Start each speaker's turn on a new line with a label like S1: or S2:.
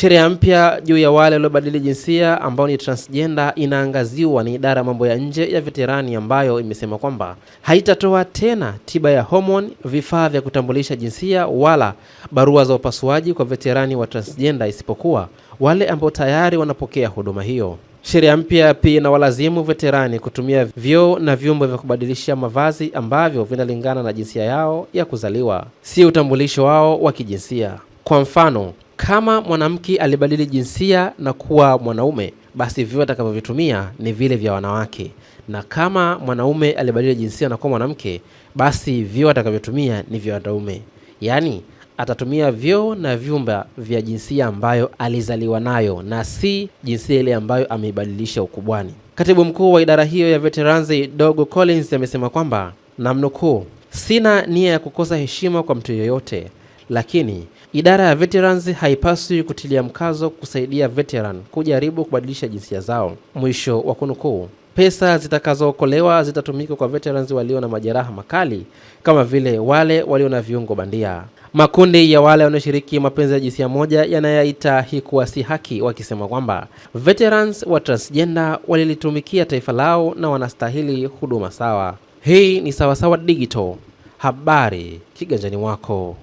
S1: Sheria mpya juu ya wale waliobadili jinsia ambao ni transgender inaangaziwa ni idara ya mambo ya nje ya veterani ambayo imesema kwamba haitatoa tena tiba ya homoni, vifaa vya kutambulisha jinsia wala barua za upasuaji kwa veterani wa transgender isipokuwa wale ambao tayari wanapokea huduma hiyo. Sheria mpya pia inawalazimu veterani kutumia vyoo na vyombo vya kubadilisha mavazi ambavyo vinalingana na jinsia yao ya kuzaliwa, si utambulisho wao wa kijinsia. Kwa mfano kama mwanamke alibadili jinsia na kuwa mwanaume, basi vyo atakavyovitumia ni vile vya wanawake, na kama mwanaume alibadili jinsia na kuwa mwanamke, basi vyo atakavyotumia ni vya wanaume, yaani atatumia vyoo na vyumba vya jinsia ambayo alizaliwa nayo na si jinsia ile ambayo ameibadilisha ukubwani. Katibu mkuu wa idara hiyo ya Veterans Dogo Collins amesema kwamba namnukuu, sina nia ya kukosa heshima kwa mtu yoyote lakini idara ya veterans haipaswi kutilia mkazo kusaidia veteran kujaribu kubadilisha jinsia zao. Mwisho wa kunukuu. Pesa zitakazookolewa zitatumika kwa veterans walio na majeraha makali kama vile wale walio na viungo bandia. Makundi ya wale wanaoshiriki mapenzi ya jinsia moja yanayaita hikuwa si haki, wakisema kwamba veterans wa transgender walilitumikia taifa lao na wanastahili huduma sawa. Hii ni Sawasawa Digital, habari kiganjani mwako.